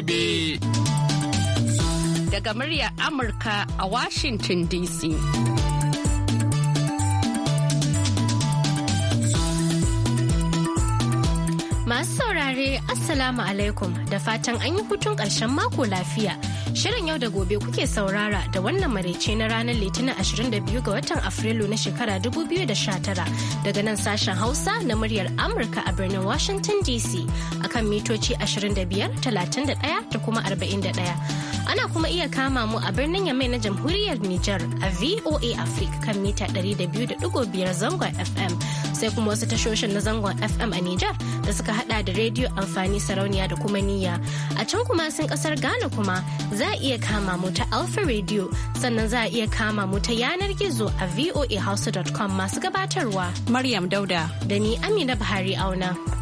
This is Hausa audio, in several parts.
gobe. Daga muryar Amurka a Washington DC. Masu saurare, Assalamu alaikum da fatan an yi hutun ƙarshen mako lafiya. Shirin yau da gobe kuke saurara da wannan maraice na ranar Litinin 22 ga watan Afrilu na shekara 2019 daga nan sashen Hausa na muryar Amurka a birnin Washington DC akan mitoci 25, 31 da kuma 41. Ana kuma iya kama mu a birnin Yamai na jamhuriyar Nijar a VOA Africa kan mita 200.5 zangon FM. sai kuma wasu tashoshin na zangon FM a Nijar da suka hada da rediyo amfani sarauniya da kuma niyya. A can kuma sun kasar Ghana kuma za a iya kama mu ta Alpha Radio sannan za a iya kama mu ta yanar gizo a voahausa.com masu gabatarwa. Maryam Dauda. Da ni Amina Buhari Auna.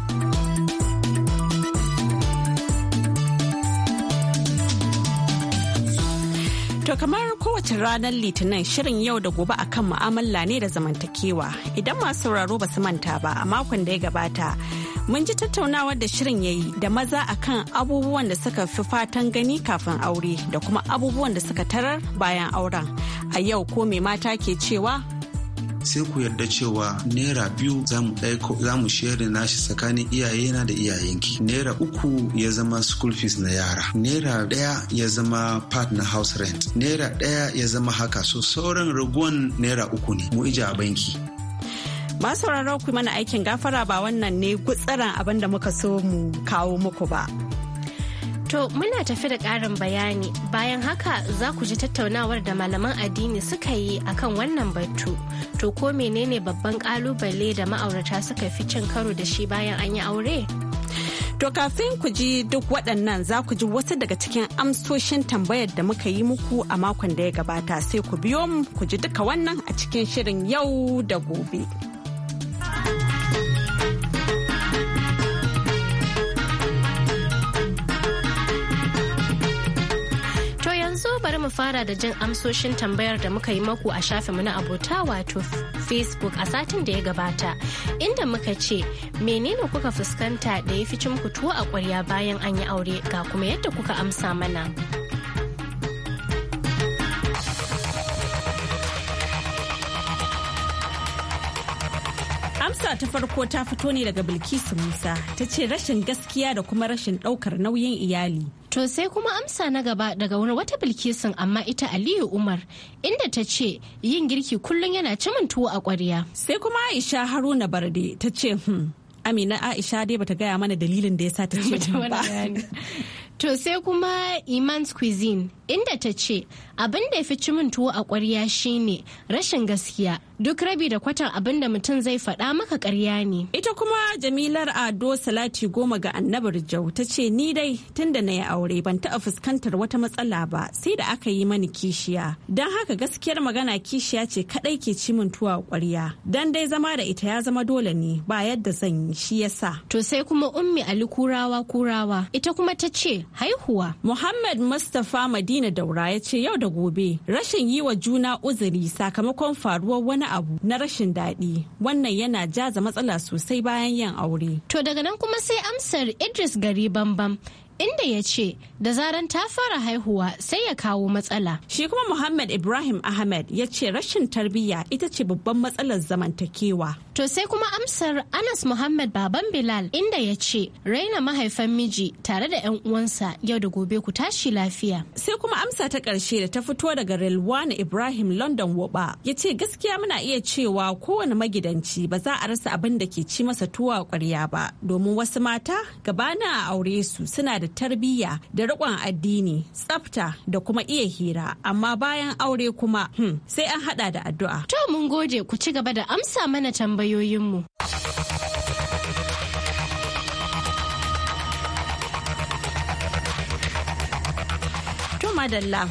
To kamar kowace ranar Litinin shirin yau da gobe akan mu'amala ne da zamantakewa. Idan masu sauraro ba su manta ba a makon da ya gabata. Mun ji tattaunawar da shirin yayi da maza akan abubuwan da suka fi fatan gani kafin aure da kuma abubuwan da suka tarar bayan auren. A yau ko mai mata ke cewa sai ku yarda cewa naira biyu za mu za mu share nashi tsakanin iyayena da iyayenki naira uku ya zama school fees na yara naira ɗaya ya zama part na house rent naira ɗaya ya zama haka so sauran raguwan naira uku ne mu ija a banki masu ku mana aikin gafara ba wannan ne gutsiran abin da muka so mu kawo muku ba. To muna tafi da ƙarin bayani bayan haka za ku ji tattaunawar da malaman addini suka yi akan wannan batu. To ko menene babban ƙalubale da ma'aurata suka fi cin karo da shi bayan an yi aure? To kafin ku ji duk waɗannan za ku ji wasu daga cikin amsoshin tambayar da muka yi muku a makon da ya gabata sai ku biyo mu ku ji duka wannan a cikin shirin yau da gobe. mu fara da jin amsoshin tambayar da muka yi maku a shafinmu na abota wato Facebook a satin da ya gabata, inda muka ce menene kuka fuskanta da ya fi cin tuwo a ƙwarya bayan an yi aure ga kuma yadda kuka amsa mana. amsa ta farko ta fito ne daga bilkisu musa ta ce rashin gaskiya da kuma rashin daukar nauyin iyali To sai kuma amsa na gaba daga wani wata bilkisin amma ita Aliyu Umar inda ta ce yin girki kullum yana cimin tuwo a ƙwarya. Sai kuma Aisha Haruna Barde ta ce hmm, Amina Aisha dai bata gaya mana dalilin da ya sa ta ce ba. To sai kuma Iman's Cuisine inda ta ce abin da ya fi ci min tuwo a ƙwarya shine rashin gaskiya duk rabi da kwatan abin da mutum zai faɗa maka ƙarya ne. Ita kuma Jamilar Ado Salati goma ga annabar Jau ta ce ni dai tun da na yi aure ban taɓa fuskantar wata matsala ba sai da aka yi mani kishiya. Don haka gaskiyar magana kishiya ce kaɗai ke ci min tuwo a ƙwarya. Dan dai zama da ita ya zama dole ne ba yadda zan yi shi yasa. To sai kuma Ummi Ali Kurawa Kurawa ita kuma ta ce haihuwa. Muhammad Mustapha Madina Daura ya ce yau da gobe rashin yi wa juna uzuri sakamakon faruwar wani abu na rashin daɗi wannan yana jaza matsala sosai bayan yin aure. To daga nan kuma sai amsar Idris Gari Bambam inda ya ce da zaran ta fara haihuwa sai ya kawo matsala. Shi kuma Muhammad Ibrahim Ahmed ya ce rashin tarbiyya ita ce babban matsalar zamantakewa. To sai kuma amsar Anas Muhammad Baban Bilal inda ya ce raina mahaifan miji tare da 'yan uwansa yau da gobe ku tashi lafiya. Sai kuma amsa ta ƙarshe da ta fito daga Relwana Ibrahim London Woba ya ce gaskiya muna iya cewa kowane magidanci ba za a rasa abin da ke ci masa tuwa ƙwarya ba domin wasu mata gabana a aure su suna da da tarbiyya da riƙon addini tsafta da kuma iya hira amma bayan aure kuma hmm, sai an hada da addu'a. To mun gode ku ci gaba da amsa mana tambayoyinmu. To madalla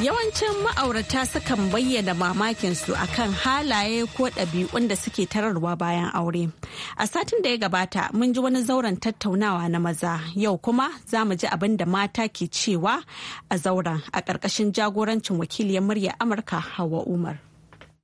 Yawancin ma'aurata sukan bayyana mamakin su akan halaye ko ɗabi'un da suke tararwa bayan aure. A satin da ya gabata mun ji wani zauren tattaunawa na maza yau kuma za mu ji abin da mata ke cewa a zauren a ƙarƙashin jagorancin wakiliyar murya Amurka Hawa Umar.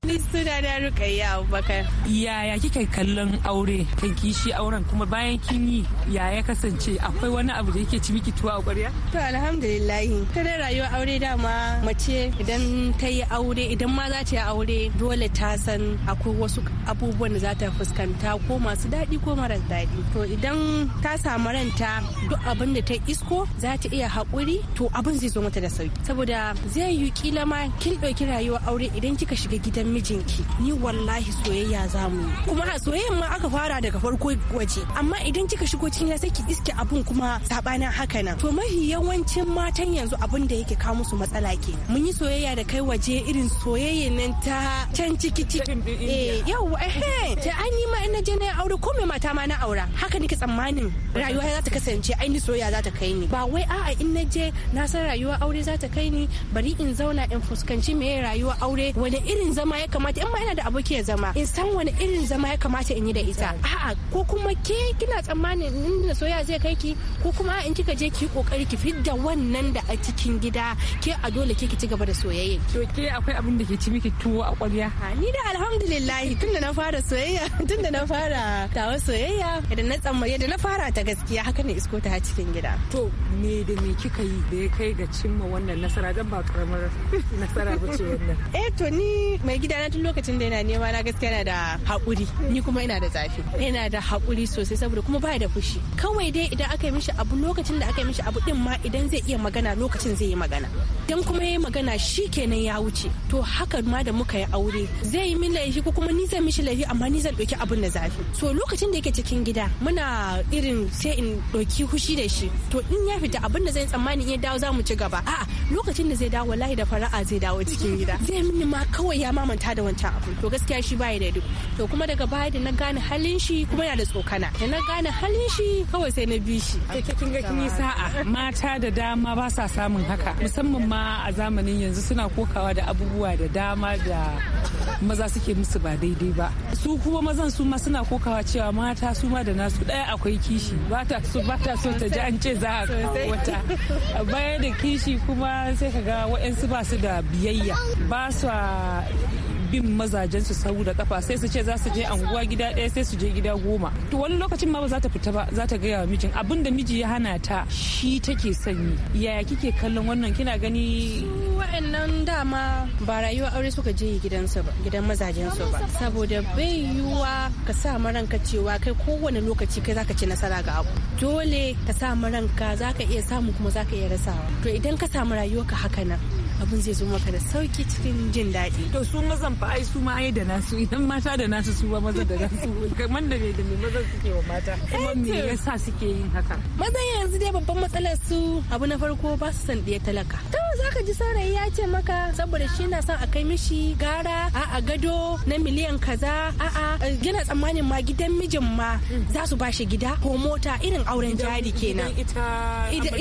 Ni suna na Rukayya Abubakar. Yaya kika kallon aure kan kishi auren kuma bayan kin yi ya ya kasance akwai wani abu da yake ci miki tuwa a ƙwarya? To alhamdulillah. Ta da rayuwar aure dama mace idan ta yi aure idan ma za ta yi aure dole ta san akwai wasu abubuwan da za ta fuskanta ko masu daɗi ko maras daɗi. To idan ta samu ranta duk abin da ta isko za ta iya haƙuri to abin zai zo mata da sauki. Saboda zai yi kila ma kin ɗauki rayuwar aure idan kika shiga gidan mijinki ni wallahi soyayya za mu kuma a soyayyan ma aka fara daga farko waje amma idan kika shigo cikin sai ki iske abun kuma sabanin haka nan to mahi yawancin matan yanzu abun da yake kawo musu matsala ke mun yi soyayya da kai waje irin soyayya nan ta can ciki ciki eh yau eh ta an yi ma ina je na aure ko mai mata ma na aura haka nake tsammanin rayuwa za ta kasance ainihin soyayya za ta kai ni ba wai a'a in na je na san rayuwa aure za ta kai ni bari in zauna in fuskanci me rayuwa aure wani irin zama ya kamata in ma ina da abokiyar zama in san wani irin zama ya kamata in yi da ita a'a ko kuma ke kina tsammanin da soyayya zai kai ki ko kuma in kika je ki kokari ki fidda wannan da a cikin gida ke a dole ke ki ci gaba da soyayya to ke akwai abin da ke ci miki tuwo a ƙwarya ni da alhamdulillah tunda na fara soyayya tunda na fara tawa soyayya yadda na tsammani yadda na fara ta gaskiya haka ne isko ta cikin gida to me da me kika yi da ya kai ga cimma wannan nasara dan ba karamar nasara ba ce wannan eh to ni mai gidana tun lokacin da yana nema na gaskiya yana da haƙuri ni kuma ina da zafi yana da haƙuri sosai saboda kuma baya da fushi kawai dai idan aka yi mishi abu lokacin da aka yi mishi abu din ma idan zai iya magana lokacin zai yi magana dan kuma yayi magana shi kenan ya wuce to haka ma da muka yi aure zai yi min laifi ko kuma ni zan mishi laifi amma ni zan ɗauki abin da zafi so lokacin da yake cikin gida muna irin sai in ɗauki fushi da shi to in ya fita abun da zai tsammani in ya dawo za mu ci gaba a'a lokacin da zai dawo wallahi da fara'a zai dawo cikin gida zai mini ma kawai ya mamanta manta da wancan abu to gaskiya shi baya da to kuma daga baya da na gane halin shi kuma yana da tsokana da na gane halin shi kawai sai na bi shi ke kin ga kin yi sa'a mata da dama ba sa samun haka musamman ma a zamanin yanzu suna kokawa da abubuwa da dama da maza suke musu ba daidai ba su kuma mazan su ma suna kokawa cewa mata su ma da nasu daya akwai kishi ba ta so ba ta so ta ji an ce za a kawo wata baya da kishi kuma sai ka ga waɗansu ba su da biyayya ba su bin mazajen su sau da kafa sai su ce za su je anguwa gida ɗaya sai su je gida goma to wani lokacin ma ba za ta fita ba za ta gaya wa mijin abin da miji ya hana ta shi take sanyi yaya kike kallon wannan kina gani wa'annan dama ba rayuwa aure suka je gidansu ba gidan mazajensu ba saboda bai yiwuwa ka sa maranka cewa kai kowane lokaci kai zaka ci nasara ga abu dole ka sa maranka zaka iya samu kuma zaka iya rasawa to idan ka samu ka haka nan abin zai zo maka da sauki cikin jin daɗi. To su mazan fa ai su ma ai da nasu idan mata da nasu su ba maza da nasu kamar da bai da mai mazan suke wa mata kuma me eh yasa suke yin haka. Mazan yanzu dai babban matsalar su abu na farko ba su san ɗaya talaka. To za ka ji saurayi ya ce maka saboda shi na son a kai mishi gara a a gado na miliyan kaza a eh, a gina tsammanin ma gidan mijin ma za su bashi gida ko mota irin auren jari kenan.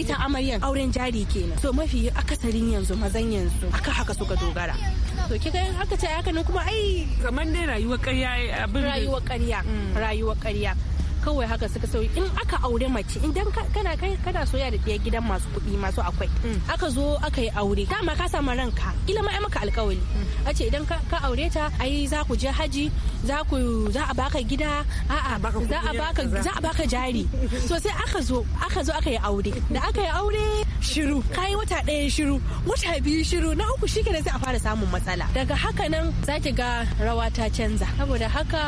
Ita amaryan auren jari kenan. So mafi akasarin yanzu mazan halin aka haka suka dogara to kika yin haka ce haka nan kuma ai kamar dai rayuwar ƙarya abin rayuwar ƙarya mm. rayuwar ƙarya kawai haka suka sauyi in aka aure mace idan kana kai kana soya da ɗaya gidan masu kuɗi masu akwai mm. aka zo aka yi aure dama ka samu ranka kila ma maka alƙawari mm. a ce idan ka aure ta ai za ku je haji za ku za a baka gida a'a za a baka za a baka jari so sai aka zo aka zo aka yi aure da aka yi aure shiru kayi wata ɗaya shiru wata biyu shiru na uku shi kenan sai a fara samun matsala daga haka nan za ki ga rawa ta canza saboda haka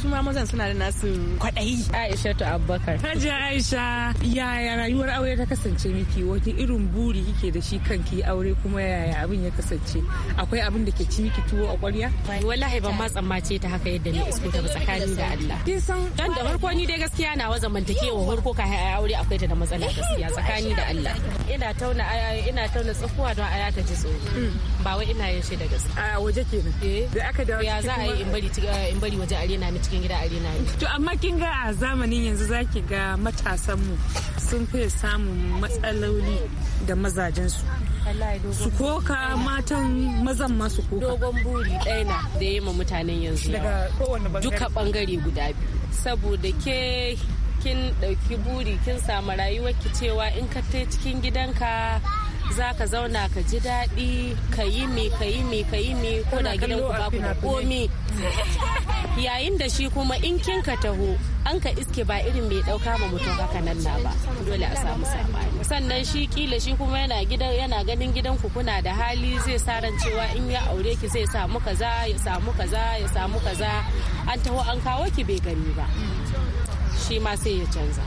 su ma mazan suna da nasu kwaɗayi aisha to abubakar hajji aisha yaya rayuwar aure ta kasance miki wani irin buri kike da shi kanki aure kuma yaya abin ya kasance akwai abin da ke ci miki tuwo a ƙwarya wallahi ban ma tsammace ta haka yadda na isko ta tsakani da Allah kin san dan da farko ni dai gaskiya na wa zamantakewa farko ka aure akwai ta da matsala gaskiya tsakani da Allah ina tauna ina tauna tsakuwa don aya ta ji tsoro mm. ba wai ina yin shi da gaske a waje ke nan. Eh. da aka dawo ya za a yi in bari eh, in bari waje arena ne cikin gida arena ne to amma kin ga a zamanin yanzu zaki ga matasan mu sun fi samun matsaloli da mazajen su su koka matan mazan masu koka dogon buri ɗaya na da yi ma mutanen yanzu daga bangare duka bangare guda biyu saboda ke kin ɗauki buri kin samu ki cewa in ka tai cikin gidanka za ka zauna ka ji daɗi ka yi mi ka yi mi ka yi mi ko da gidan ku baku da komi yayin da shi kuma in kin ka taho an ka iske ba irin mai ɗauka ma mutum haka nan na ba dole a samu sabani sannan shi kila shi kuma yana gidan yana ganin gidan ku kuna da hali zai sa ran cewa in ya aure ki zai samu kaza ya samu kaza ya samu kaza an taho an kawo ki bai gani ba shi ma sai ya canza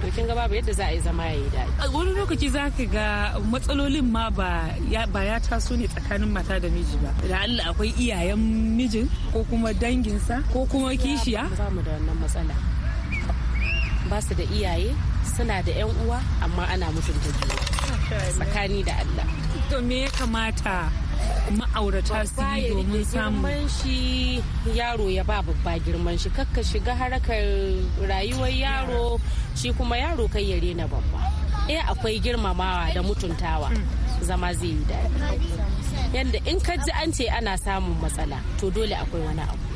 to kin ga babu yadda za a yi zama ya yi daɗi. wani lokaci za ka ga matsalolin ma ba ya taso ne tsakanin mata da miji ba da Allah akwai iyayen mijin ko kuma danginsa ko kuma kishiya ba mu da wannan matsala ba su da iyaye suna da yan uwa amma ana mutunta juna tsakani da Allah to me ya kamata ma'aurata su yi domin samun girman shi yaro ya ba babba girman shi kakka shiga harakar rayuwar yaro shi kuma yaro kai ya rena babba eh akwai girmamawa da mutuntawa zama zai yi daɗi yadda in ka ji an ce ana samun matsala to dole akwai wani abu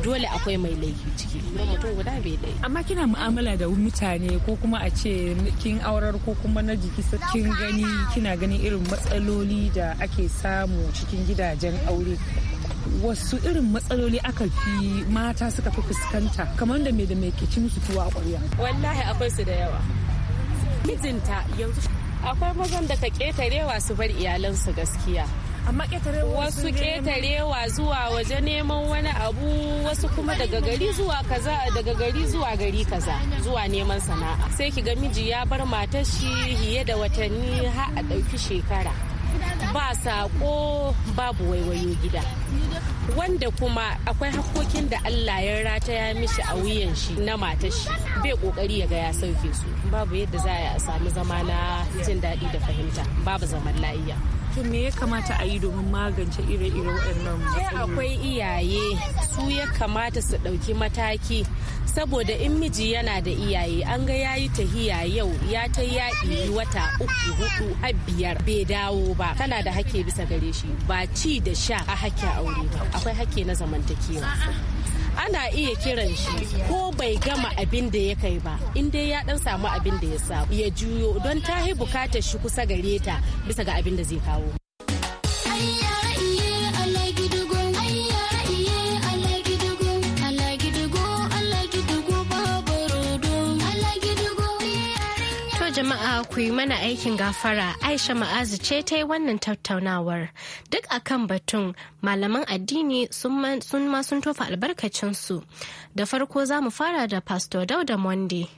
dole akwai mai laifi ciki don mutum guda bai dai amma kina mu'amala da mutane ko kuma a ce kin aurar ko kuma na jiki kin gani kina ganin irin matsaloli da ake samu cikin gidajen aure wasu irin matsaloli aka fi mata suka fi fuskanta kamar da mai da mai ke ci musu tuwa ƙwarya wallahi akwai su da yawa mijinta yanzu akwai mazan da ka ƙetarewa su bar iyalansu gaskiya amma wasu ketarewa zuwa waje neman wani abu wasu kuma daga gari zuwa kaza daga gari zuwa gari kaza zuwa neman sana'a sai ki ga miji ya bar matar shi hiye da watanni har a ɗauki shekara ba saƙo babu waiwayo gida wanda kuma akwai hakkokin da Allah ya rata ya mishi a wuyan shi na matar shi bai kokari ya ga ya sauke su babu yadda za a samu zama na jin daɗi da fahimta babu zaman la'iya to me ya kamata a yi domin magance ire-ire waɗannan akwai iyaye su ya kamata su ɗauki mataki saboda in miji yana da iyaye an ga ya yi tahiya yau ya ta yaƙi wata uku hudu har biyar bai dawo ba tana da hake bisa gare shi ba ci da sha a hake aure ba akwai hake na zamantakewa ana iya kiran shi ko bai gama abin da ya kai ba in dai ya dan samu abin da ya samu ya juyo don ta bukatar shi kusa gare ta bisa ga abin da zai kawo ku yi mana aikin gafara aisha ma'azu ce ta yi wannan tattaunawar duk akan batun malaman addini sun ma sun tofa albarkacinsu da farko za mu fara da pastor dauda monday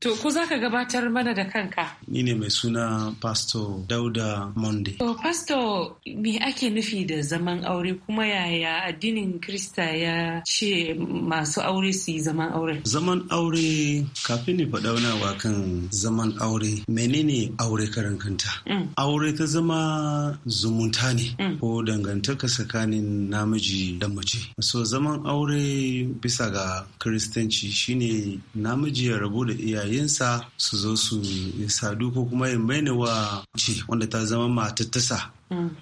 To ko za ka gabatar mana da kanka? Ni ne mai suna Pastor Dauda Monday. To Pastor me ake nufi da zaman aure kuma yaya addinin Krista ya ce masu aure su yi zaman aure? Zaman aure kafin ni faɗaunawa kan zaman aure menene aure karan kanta? Mm. Aure ta zama zumunta ne mm. ko dangantaka tsakanin namiji da mace. So zaman aure bisa ga Kiristanci shine namiji ya rabu da iyaye iyayinsa su zo su sadu ko kuma ya maina wa ce wanda ta zama matattasa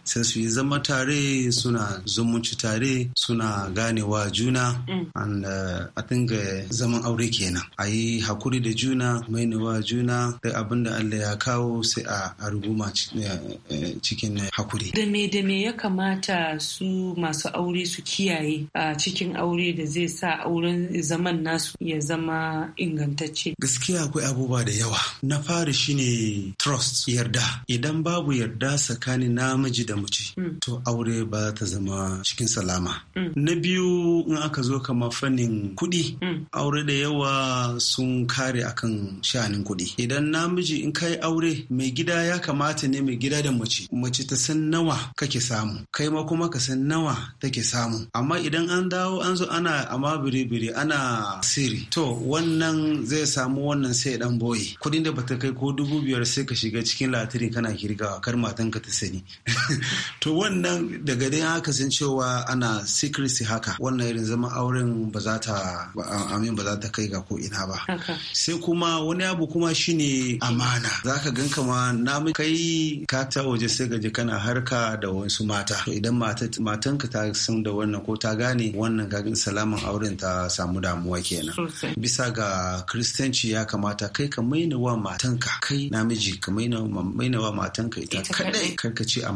sai su yi zama tare suna zumunci tare suna ganewa juna and a uh, uh, zaman aure kenan a yi hakuri da juna mainewa juna da abinda da allah ya kawo sai a ruguma uh, cikin hakuri da me da me ya kamata su masu aure su kiyaye a cikin aure da zai sa auren zaman nasu ya zama ingantacce gaskiya akwai abubuwa da yawa na fara shine trust yarda idan babu yarda tsakanin na namiji da mace mm. to aure ba za ta zama cikin salama mm. na biyu in aka zo kama fannin kuɗi mm. aure da yawa sun kare akan sha'anin kuɗi idan namiji in kai aure mai gida ya kamata ne mai gida da mace mace ta san nawa kake samu kai ma kuma ka san nawa take samu amma idan an dawo an zo ana amma biri-biri ana siri to wannan zai samu wannan sai dan boye kuɗin da bata kai ko dubu biyar sai ka shiga cikin latirin kana kirgawa kar matanka ta sani to wannan daga dai haka sun cewa ana secrecy haka wannan irin zama auren ba za ta amin ba za ta kai ga ko'ina ba sai kuma wani abu kuma shine amana Za ka gan kama na kai ka ta waje sai gaje kana harka da wasu mata to idan matanka ta san da wannan ko ta gane wannan gagin salaman auren ta samu damuwa kenan bisa ga kristanci ya kamata kai ka maina wa matanka kai namiji ka maina wa matanka ita kadai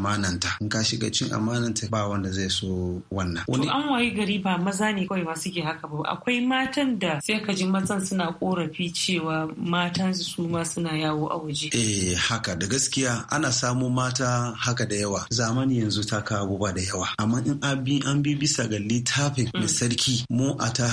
a amananta in ka shiga cin amananta ba wanda zai so wannan to an wayi gari ba maza ne kawai masu ke haka ba akwai matan da sai ka ji mazan suna korafi cewa matan su ma suna yawo a waje eh haka da gaskiya ana samu mata haka da yawa zamani yanzu ta kawo ba da yawa amma in an bi bisa ga littafin mm. mai sarki mu a ta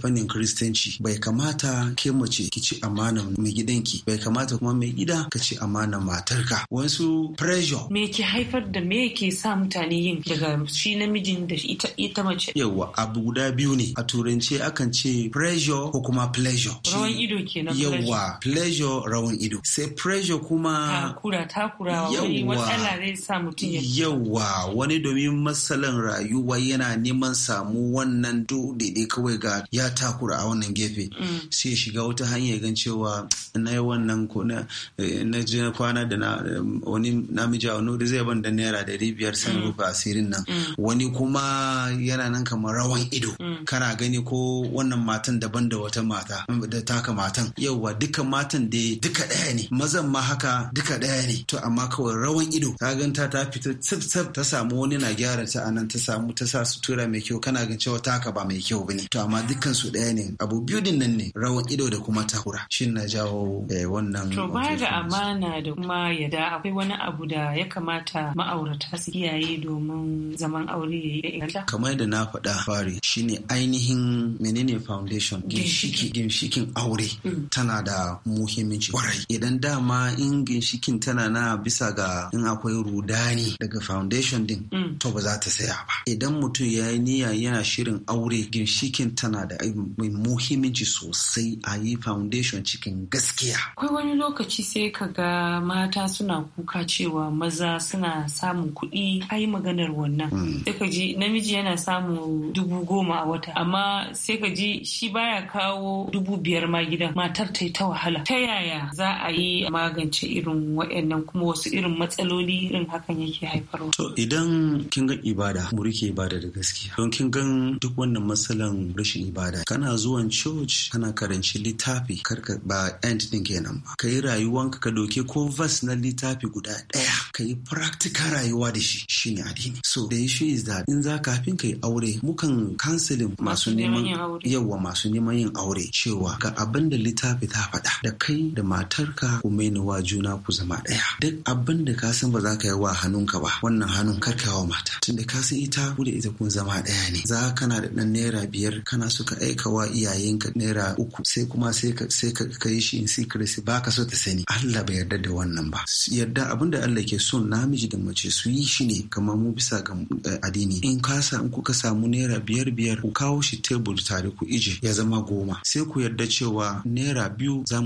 fannin kiristanci bai kamata ke mace ki ci amanan mai gidanki bai kamata kuma mai gida ka ci amanan matarka wasu pressure me ki haifar da me yake sa mutane yin daga shi namijin da ita ita mace yawa abu guda biyu ne a turance akan ce pressure ko kuma pleasure rawan ido kenan yawa pleasure rawan ido sai pressure kuma takura takura wani matsala zai sa mutum ya yawa wani domin matsalan rayuwa yana neman samu wannan daidai kawai ga ya takura a wannan gefe mm. sai shiga wata hanya gan cewa na yi wannan ko na eh, kwana da eh, wani namiji a wani zai ban kwandon naira ɗari biyar sun mm. rufe asirin nan mm. wani kuma yana nan kamar rawan ido mm. kana gani ko wannan matan daban da wata mata da taka matan yauwa duka matan da duka ɗaya ne mazan ma haka duka ɗaya ne to amma kawai rawan ido Ta ganta ta fita tsif ta samu wani na gyara ta anan ta samu ta sa sutura mai kyau kana gan cewa taka ba mai kyau bane to amma dukkan su ɗaya ne abu biyu din nan ne rawan ido da kuma takura shin na jawo eh, wannan to baya ga amana da kuma yada akwai wani abu da ya kamata ma'aurata su kiyaye domin zaman aure ya inganta kamar da na faɗa fari shine ainihin menene foundation ginshikin aure mm. tana da muhimmanci kwarai idan dama in ginshikin tana na bisa ga in akwai rudani daga foundation din mm. to ba za ta saya ba idan mutum ya yi niyya yana shirin aure ginshikin tana da mai muhimmanci sosai a yi foundation cikin gaskiya akwai wani lokaci sai ka ga mata suna kuka cewa maza suna yana samun kuɗi yi maganar wannan hmm. sai ka ji namiji yana samun dubu goma a wata amma sai ka ji shi baya kawo dubu biyar ma gidan matar ta yi ta wahala ta yaya za a yi magance irin waɗannan kuma wasu irin matsaloli irin hakan yake haifarwa to idan kin ga ibada mu rike ibada da gaskiya don kin gan duk wannan matsalan rashin ibada kana zuwan coci. kana karanci littafi karka ba end din kenan ba kai rayuwanka ka doke ko verse na littafi guda ɗaya kai practice matuka rayuwa da shi shine addini so the issue is that in za kafin kai aure mukan kansilin masu neman yawa masu neman yin aure cewa ga abin da littafi ta faɗa da kai da matarka ku wa juna ku zama ɗaya duk abin da ka san ba za ka yi wa hannun ka ba wannan hannun wa mata tunda ka san ita ku da ita kun zama ɗaya ne za kana da ɗan naira biyar kana so ka aika wa iyayenka naira uku sai kuma sai ka sai kai shi in secrecy ba ka so ta sani Allah bai yarda da wannan ba yarda abin da Allah ke son namiji da mace su yi shi ne kamar mu bisa ga eh, addini in kasa in kuka samu naira biyar biyar ku kawo shi tebur tare ku ije ya zama goma sai ku yarda cewa naira biyu za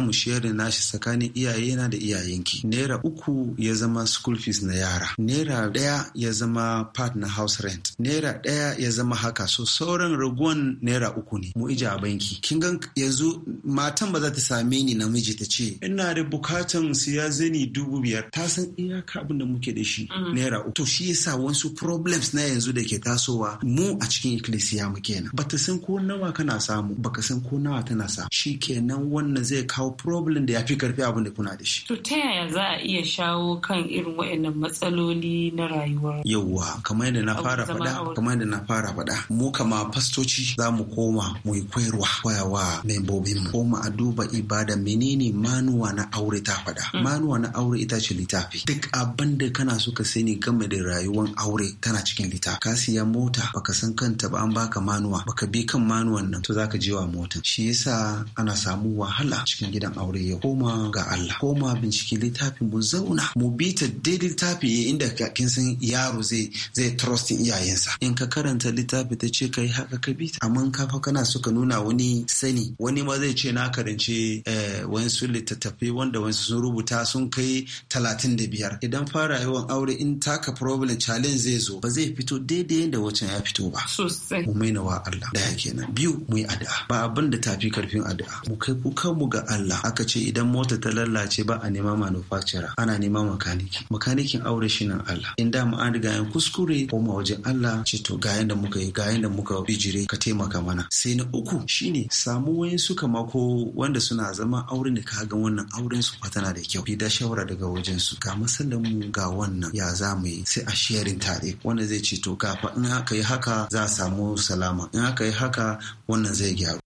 mu shayar da nashi tsakanin iyaye na da iyayenki naira uku ya zama school fees na yara naira ɗaya ya zama part na house rent naira ɗaya ya zama haka so sauran raguwan naira uku ne mu ije a banki kin gan yanzu matan ba za ta same ni namiji ta ce ina da bukatan siya zani dubu biyar ta san iyaka abin da muke da shi mm. naira uku to shi yasa wasu problems na yanzu da ke tasowa mu a cikin ikkilisiya mu kenan ta san ko nawa kana samu ka san ko nawa tana sa? shi kenan wannan zai kawo problem da ya fi karfi abin da kuna da shi to ta yaya za a iya shawo kan irin waɗannan matsaloli na rayuwa yawwa kamar yadda na fara faɗa kamar yadda na fara faɗa mu kama fastoci za mu koma mu yi koyarwa koyawa membobin mu koma a duba ibada menene manuwa na aure ta faɗa mm. manuwa na aure ita ce littafi duk a. abin da kana so ka sani game da rayuwar aure tana cikin littafi. ka siya mota baka san kanta ba an baka manuwa baka bi kan manuwan nan to zaka je wa motan shi yasa ana samu wahala cikin gidan aure ya koma ga Allah koma bincike littafin mu zauna mu bi ta daidai littafi eh, inda kin san yaro zai zai trust iyayensa in ka karanta littafi ta ce kai haka ka bi ta amma ka fa kana so ka nuna wani sani wani ma zai ce na karanci eh, wasu littattafai wanda wani sun rubuta sun kai talatin da biyar idan an fara yawan aure in taka problem challenge zai zo ba zai fito daidai yadda wacan ya fito ba sosai mu maina wa Allah daya kenan biyu mu yi addu'a ba abin da tafi karfin addu'a mu kai kuka mu ga Allah aka ce idan mota ta lallace ba a nema manufacturer ana nema makaniki makanikin aure shi Allah in da mu an riga yan kuskure ko ma wajen Allah ce to ga yanda muka yi ga yanda muka bijire ka taimaka mana sai na uku shine samu wayan suka mako wanda suna zama aure ne ka ga wannan auren su fa tana da kyau bi da shawara daga wajen su ga masallan ga wannan ya za mu yi sai a sharing tare wanda zai ce to kafa in haka yi haka za a samu salama in haka yi haka wannan zai gyaru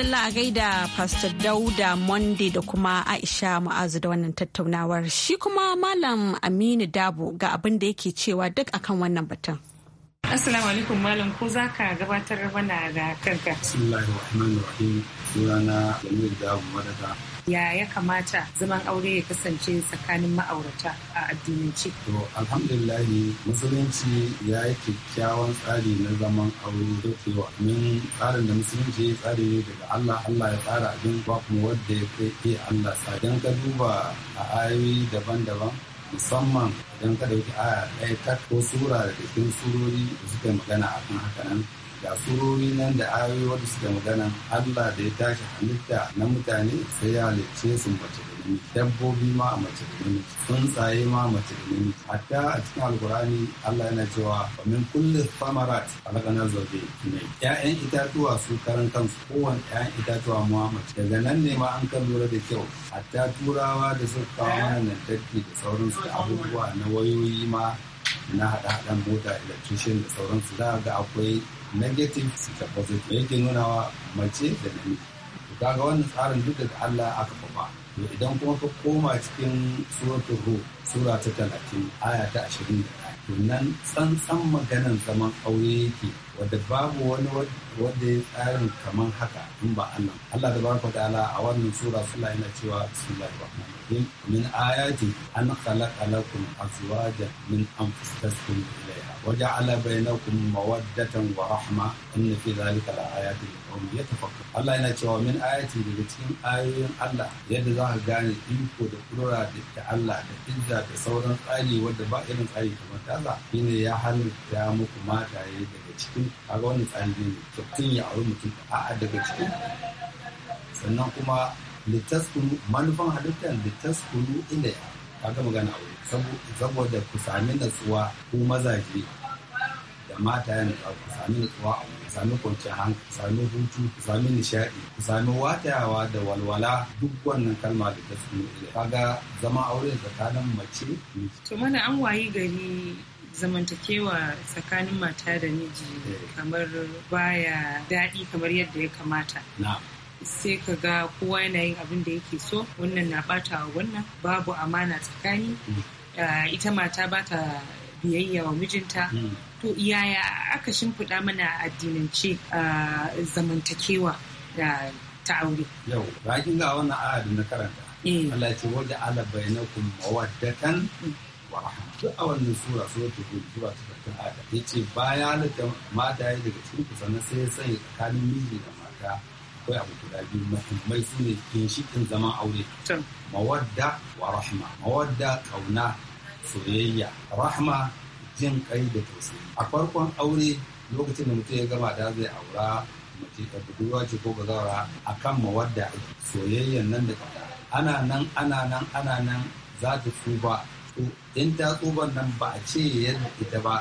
Allah a gaida Pastor Dauda Monday da kuma Aisha Mu'azu da wannan tattaunawar shi kuma Malam Aminu Dabo ga abin da yake cewa duk akan wannan batun. Assalamu alaikum malam ko za ka gabatar mana da kanka. Bismillahir Rahmanir Rahim. Sunana Jamil Dabu Madaka. Ya ya kamata zaman aure ya kasance tsakanin ma'aurata a addinance? To alhamdulillah musulunci ya yi kyakkyawan tsari na zaman aure da cewa min tsarin da musulunci ya tsari ne daga Allah Allah ya tsara abin ba kuma wanda ya kai Allah sa. ka duba a ayoyi daban-daban musamman idan ka dauki aya ɗaya ta ko sura da cikin surori da suka magana kan haka nan da surori nan da ayoyi wadda suke magana Allah da ya tashi halitta na mutane sai ya halicce su mace da namiji dabbobi ma a mace da namiji tsuntsaye ma mace da namiji hatta a cikin alkurani Allah yana cewa wa min kulli thamarat zobe zawji ne ƴaƴan itatuwa su karan kansu kowanne ƴaƴan itatuwa ma mace daga nan ne ma an kan lura da kyau hatta turawa da suka kawo mana lantarki da sauransu da abubuwa na wayoyi ma na haɗa-haɗan mota electrician da sauransu za ga akwai negative suka positive yake nunawa mace da namiji kaga wannan tsarin duk daga Allah aka fafa to idan kuma ka koma cikin suratul ru sura ta 30 aya ta 20 to nan tsantsan maganan zaman aure yake wadda babu wani wadda ya tsarin kaman haka in ba Allah Allah da barka da ala a wannan sura sula yana cewa bismillahir rahmanir rahim min ayati an khalaqa lakum azwajan min anfusikum ilayha wa ja'ala bainakum mawaddatan wa rahma inna fi dhalika la ayatin liqaumin yatafakkarun Allah yana cewa min ayati daga cikin ayoyin Allah yadda za ka gane iko da kudura da Allah da izza da sauran tsari wadda ba irin tsari kamar ta shine ya halitta muku mataye daga cikin a ga wani tsari ne ya auri mutum a daga cikin sannan kuma kunu manufan halittar litaskunu ila ya ga magana aure saboda ku sami natsuwa ko mazaje da mata yana ku sami natsuwa a ku sami kwanciyar hankali ku sami hutu ku sami nishaɗi ku sami watayawa da walwala duk wannan kalma da ta Ka ga zama aure tsakanin mace to mana an wayi gari zamantakewa tsakanin mata da miji eh. kamar baya daɗi kamar yadda ya kamata sai ka ga kowa yana yin abin da yake so wannan na bata wa wannan babu amana tsakani mm. ah, ita mata ba ta biyayya wa mijinta mm. to yaya aka shimfiɗa mana addinance ah, zamantakewa da ta aure yau ba kin ga wannan aya na karanta eh. Allah ce wadda ala bainakum mawaddatan mm. wa rahma duk a wannan sura ta hud zuwa ta farkon aya ce, baya da mata ya daga cikin kusa na sai ya sanya tsakanin miji da mata akwai abu guda biyu mai su ne ginshikin zaman aure mawadda wa rahma mawadda kauna soyayya rahma jin kai da tausayi a farkon aure lokacin da mutum ya gama da zai aura mace ta budurwa ce ko a akan mawadda soyayyan nan da kada ana nan ana nan ana nan za ta tsuba in ta tsoban nan ba a ce yadda ita ba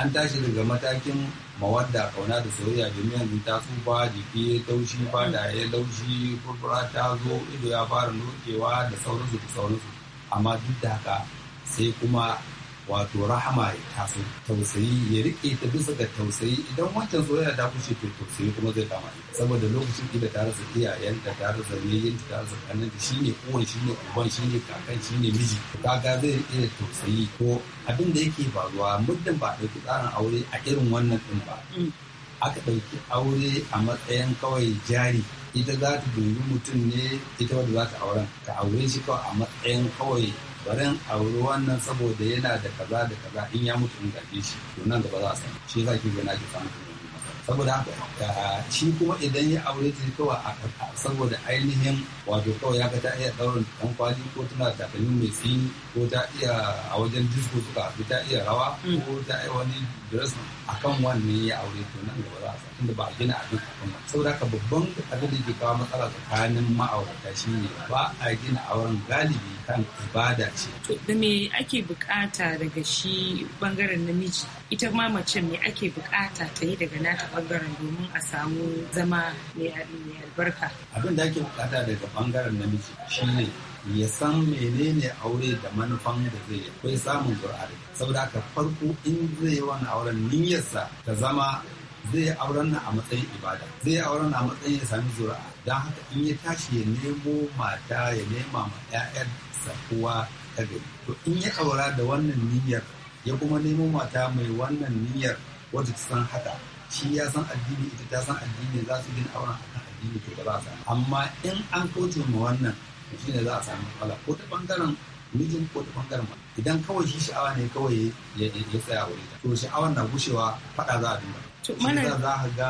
an tashi daga matakin mawadda kauna da soyayya jami'an yanzu ta tsufa jiki ya taushi fada ya laushi furfura ta zo ido ya fara nokewa da sauransu da sauransu amma duk da haka sai kuma wato rahama ya taso tausayi ya rike ta bisa ga tausayi idan wancan soyayya ta kushe to tausayi kuma zai kama saboda lokacin ida ta rasa iyayen ta ta rasa da ta rasa kanan ta shine uwan shine uban shine kakan shine miji kaga zai rike da tausayi ko abin da yake faruwa muddin ba ɗauki tsarin aure a irin wannan din ba mm. aka ɗauki aure a matsayin kawai jari ita za ta dubi mutum ne ita wadda za ta auren ka aure shi kawai a matsayin kawai bari a auri wannan saboda yana da kaza da kaza in ya mutu in gaje shi to nan gaba za a sani shi za ki ga na ki samu saboda haka eh, shi kuma idan ya aure ta kawai a saboda ainihin wato kawai ya ga ta iya ɗaurin ɗan kwali ko tana takalmin mai tsini ko ta iya a wajen disco suka ko ta iya rawa mm. ko ta iya wani dress akan wannan ya aure to nan gaba za a san ba a gina abin akan ba saboda haka babban abin da ke kawo matsala tsakanin ma'aurata shi ne ba a gina auren galibi kan ibada ce. To da me ake bukata daga shi bangaren namiji ita ma mace me ake bukata ta yi daga nata ɓangaren domin a samu zama mai albarka. Abin da ake bukata daga bangaren namiji shine ya san menene aure da manufan da zai akwai samun ƙur'ani saboda haka farko in zai yi wani auren niyyarsa ta zama zai auren na a matsayin ibada zai auren na a matsayin ya sami zuri'a don haka in ya tashi ya nemo mata ya nema ma 'ya'yansa kowa ta gari to in ya aura da wannan niyyar ya kuma nemo mata mai wannan niyyar wadda san haka shi ya san addini ita ta san addini za su gina auren akan addini to ba za amma in an kauce ma wannan shi ne za a samu matsala ko ta bangaren mijin ko ta bangaren mata idan kawai shi sha'awa ne kawai ya tsaya wuri to sha'awar na gushewa faɗa za a dinga shi za a ga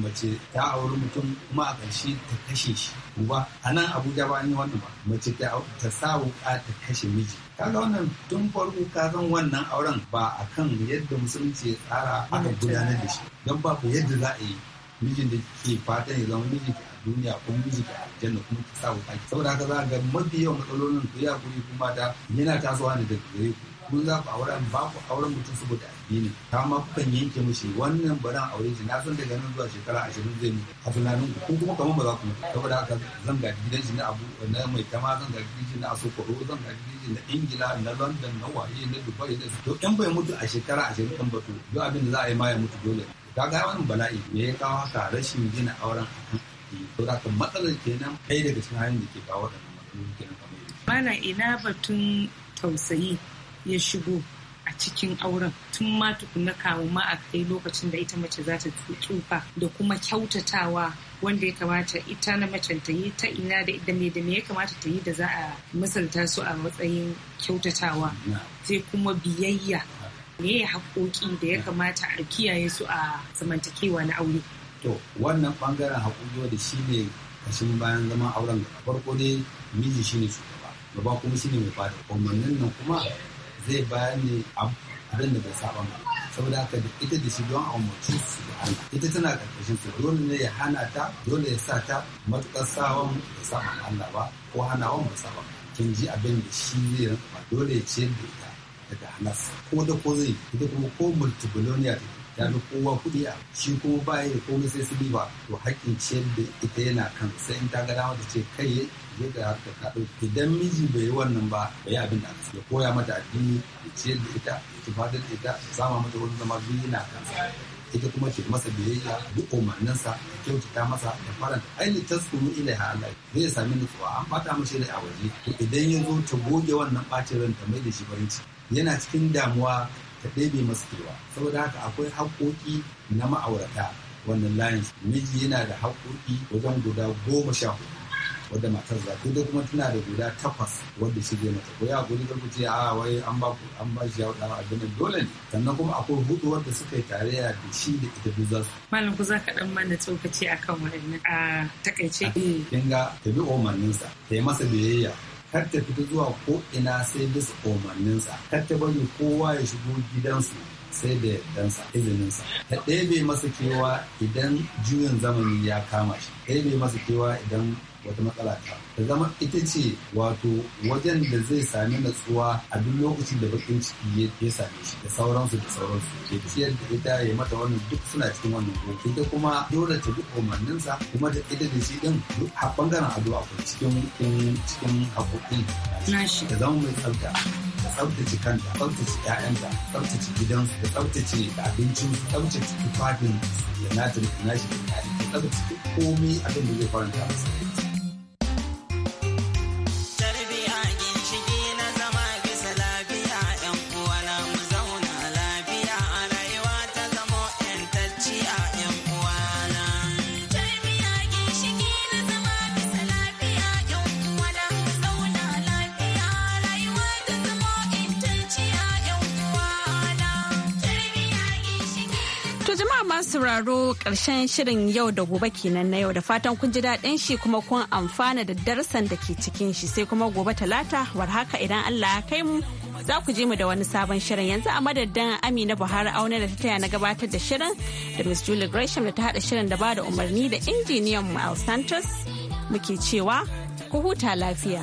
mace ta auri mutum kuma a ƙarshe ta kashe shi ba a nan abuja ba ni wannan ba mace ta sa wuƙa ta kashe miji kaga wannan tun farko ka san wannan auren ba a kan yadda musulunci ya tsara aka gudanar da shi don ba ku yadda za a yi mijin da ke fatan ya zama mijin a duniya ko mijin a aljanna kuma ta sabu ku saboda haka za ga mafi yawan matsalolin ku ya kuri kuma da yana tasowa ne daga gare ku kun za ku auren ba ku auren mutum saboda addini ta ma kukan yanke mushi wannan baran aure shi na san daga nan zuwa shekara ashirin zai yi a tunanin ku kuma kamar ba za ku saboda haka zan ga gidan shi na abu na mai kama zan ga gidan shi na Sokoto, zan ga gidan shi na ingila na london na waye na dubai na to in bai mutu a shekara ashirin ɗin ba to duk abin da za a yi ma ya mutu dole ka ga wani bala'i me ya kawo haka rashin gina auren akan to da matsalar kenan ɗaya daga cikin hanyar da ke kawo da matsalolin kenan kamar mana ina batun tausayi ya shigo a cikin auren tun ma tukuna kawo ma a kai lokacin da ita mace za ta tsufa da kuma kyautatawa wanda ya kamata ita na macen ta yi ta ina da da me da me ya kamata ta yi da za a misalta su a matsayin kyautatawa sai kuma biyayya me ya haƙoƙi da ya kamata a kiyaye su a zamantakewa na aure to wannan bangaren haƙoƙi da shi ne kashin bayan zama auren farko dai miji ne shugaba gaba kuma shi ne mai bada umarnin nan kuma zai bayani abin da bai saba ba saboda haka da ita da shi don umarci su da ana ita tana karkashin su dole ne ya hana ta dole ya sa ta matukar sawan da saba Allah ba ko hana hanawan ba saba kin ji abin da shi zai rantsa dole ya ce da ita daga halas ko da ko zai ita kuma ko multibiloniya ta ya fi kowa kuɗi a shi kuma ba ko komai sai su ba to haƙƙin ciyar da ita yana kan sai in ta ga dama ta ce kai je haka ta ɗauki idan miji bai yi wannan ba bai yi abin da ya koya mata addini ya ciyar da ita ya ci da ita ya sama mata wani zama biyu na kansa ita kuma ce masa biyayya umarnin sa ta kyautata masa da faranta ainihin taskuru ilaiha halaye. zai sami nutsuwa an bata mashi da a waje idan ya zo ta goge wannan ɓacin ran ta mai da shi farin yana cikin damuwa ta ɗebe masa kewa saboda haka akwai haƙoƙi na ma'aurata wannan layin miji yana da haƙoƙi wajen guda goma sha hudu wadda matar za ta dai kuma tana da guda takwas wadda shige zai mata ko ya guri da kuce a wai an ba an ba shi ya wada ganin dole ne sannan kuma akwai hudu wadda suka yi tarayya da shi da ita duk za su malam ku za ka dan mana tsokaci akan wannan a takaice kin ta bi umarninsa ta yi masa biyayya kar ta fita zuwa ko ina sai bisa umarninsa kar ta bari kowa ya shigo gidansu sai da yardansa izininsa ta ɗebe masa kewa idan juyin zamani ya kama shi ɗebe masa kewa idan wata matsala ta ta zama ita ce wato wajen da zai sami natsuwa a duk lokacin da bakin ciki ya same shi da sauransu da sauransu ya ciyar da ita ya mata wannan duk suna cikin wannan ko ita kuma dole ta duk umarninsa kuma da ita da shi din a bangaren ado a cikin cikin haƙoƙi ta zama mai tsafta ta tsaftace kanta tsaftace ƴaƴanta tsaftace gidansu da tsaftace abincin tsaftace tufafin da nata da nashi da tsaftace komai abin da zai faranta masa jama'a masu sauraro ƙarshen shirin yau da gobe kenan na yau da fatan kun ji daɗin shi kuma kun amfana da darsan da ke cikin shi sai kuma gobe talata war haka idan Allah ya kai mu za ku je mu da wani sabon shirin yanzu a madadin Amina Buhari auna da ta taya na gabatar da shirin da Miss Julie Gresham da ta haɗa shirin da ba da umarni da injiniyan mu Al Santos muke cewa ku huta lafiya.